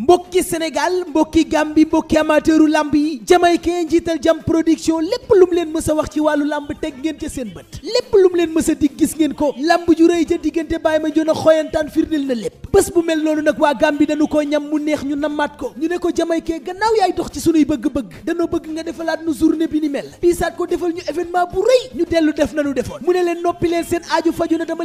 mbokki Sénégal mbokki Gambie mbokki amateuru lamb yi jamaykee njiital jam production lépp lum leen mës a wax ci wàllu lamb teg ngeen ca seen bët lépp lum leen mës a dig gis ngeen ko lamb ju rëy ca diggante bàyyi ma joon a xooyantaan firndil lépp bés bu mel noonu nag waa Gambie dañu koo ñam mu neex ñu namaat ko ñu ne ko jamaykee gannaaw yaay dox ci sunuy bëgg-bëgg danoo bëgg nga defalaat nu journée bi ni mel piisaat ko defal ñu événement bu rëy ñu dellu def nanu defoon mu ne leen noppi leen seen aaju faju na dama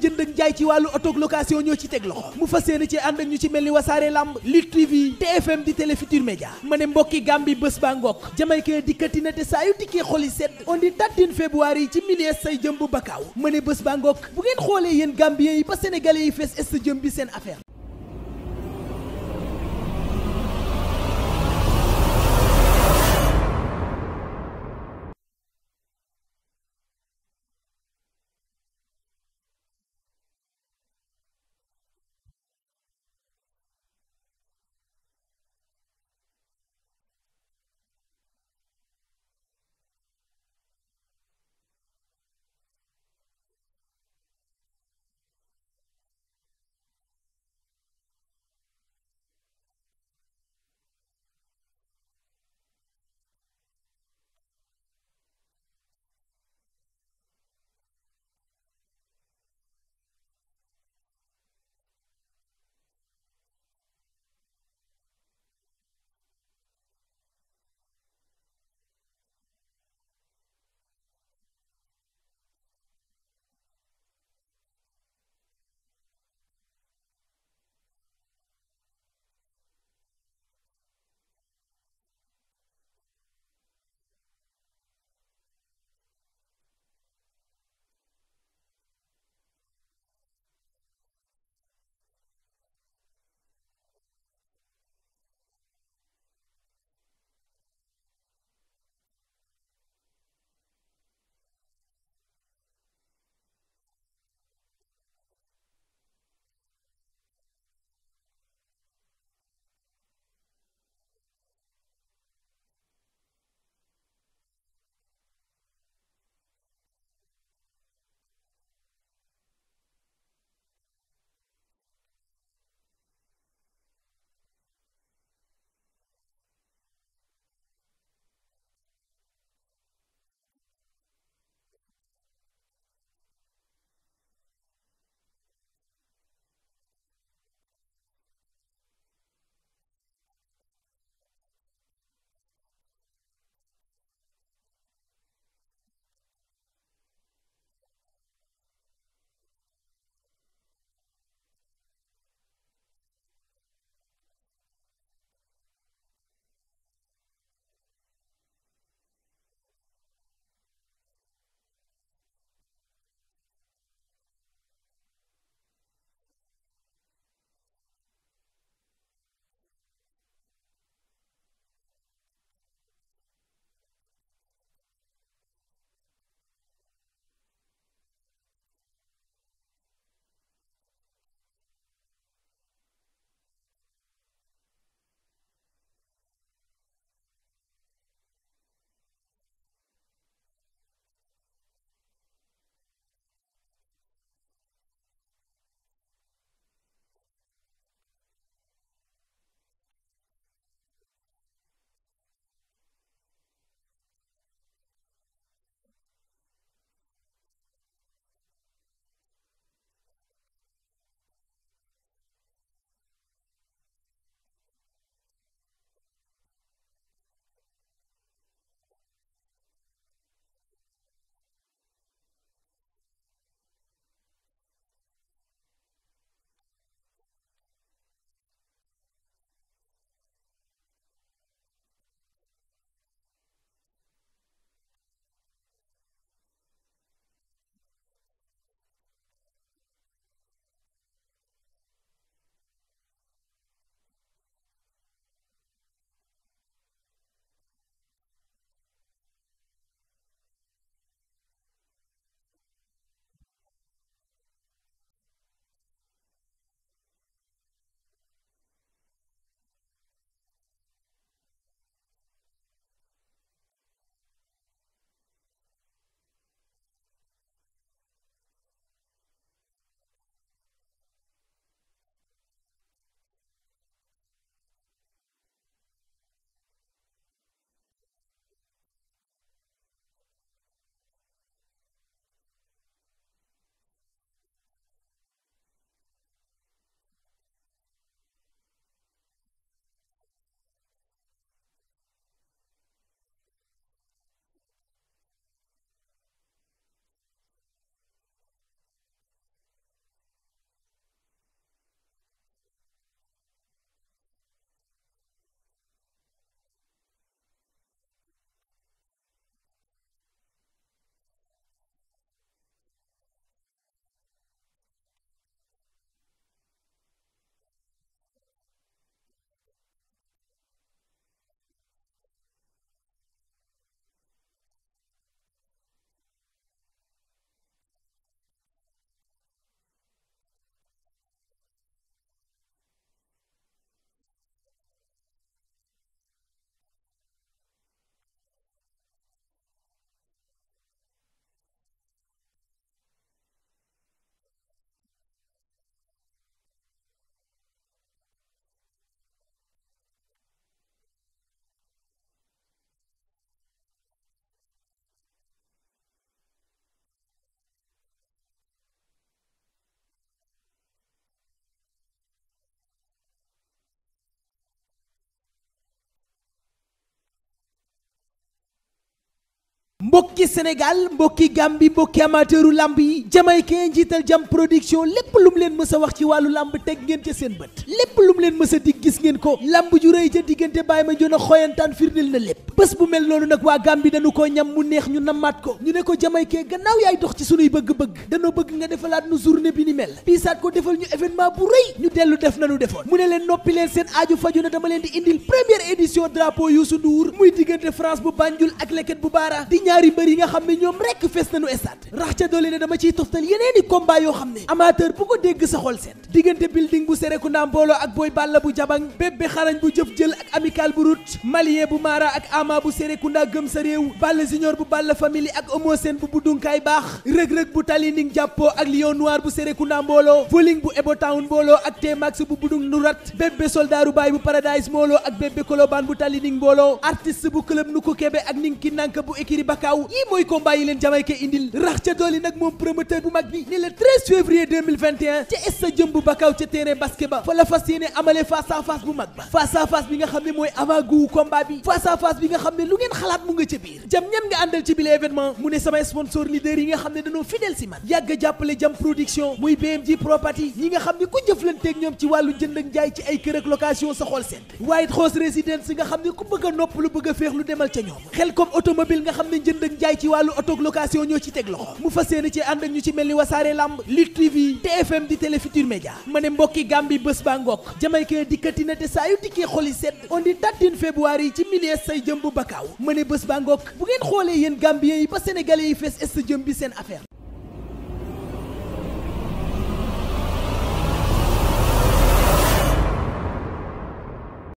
jënd ak jaay ci wàllu auto location ñoo ci teg loxo mu fas yéene ci ànd ak ñu ci mel ni wasaare lamb Lutte TV fm di Télé Futurs ma ne mbokki Gambie bés ba ngokk jamaykee dikkati na te saa yu dikkee xoli sedd on di dattin février yi ci milies say jëm bu bakkaaw ma ne bés ba ngokk bu ngeen xoolee yéen Gambiens yi ba Sénégalais yi fees est jëm bi seen affaire mbokki Sénégal mbokki Gambie mbokki amateuru lamb yi jamaykee njiital jam production lépp lu mu leen mës a wax ci wàllu lamb teg ngeen ca seen bët lépp lu mu leen mës a gis ngeen ko lamb ju rëy ca diggante Baye Mandione xoyantaan firndil na lépp bés bu mel noonu nag waa Gambie dañu ko ñam mu neex ñu namaat ko ñu ne ko jamaykee gannaaw yaay dox ci sunuy bëgg-bëgg danoo bëgg nga defalaat nu journée bi ni mel piisaat ko defal ñu événement bu rëy ñu dellu def nanu defoon mu ne leen noppi leen seen aaju faju na dama leen di indil ñaari yi nga xam ne ñoom rekk fees nañu stade rax ca doole ne dama ciy toftal yeneeni combat yoo xam ne amateur bu ko dégg sa bu Serekunda ak Boy Balla bu jabang bébbe xarañ bu jëf jël ak amical bu rut ak ama bu Serekunda gëm sa réew Balla junior bu Balla family ak rëg-rëg bu tali ning ak lion noir bu Serekunda mbooloo voling bu Ebo Town mbooloo ak T-Max bu budung nurat bébbe soldaru baay bu paradise mbooloo ak bébbe kolobaan bu tali ning mbooloo artiste bu club nu kebe ak ning nank bu ékiri baka gaaw mooy combat yi leen jamaykee indil rax ca dooli nag moom promoteur bu mag bi ni le février ca es sa jëmb bakaw ca terrain basket fa la fas yéene amale face à bu mag ba face à bi nga xam ne mooy avant guu combat bi face à bi nga xam ne lu ngeen xalaat mu nga ca biir jam ñan nga àndal ci bile événement mu ne samay sponsor leader yi nga xam ne dañoo fidèle si man yàgg jàppale jam production muy BMG property yi nga xam ne ku jëflanteeg ñoom ci jënd ak jaay ci wàllu auto location ñoo ci teg loxo mu fas yéene ci ànd ak ñu ci mel ni wasaare lamb lit TV fm di Télé Futurs ma ne mbokki Gambie bés ba ngokk jamaykee dikkati na te saa yu dikkee xoli set on di tattin février yi ci milieu say jëm bu bakkaaw ma ne bés ba ngokk bu ngeen xoolee yéen Gambien yi ba Sénégalais yi fees est jëm bi seen affaire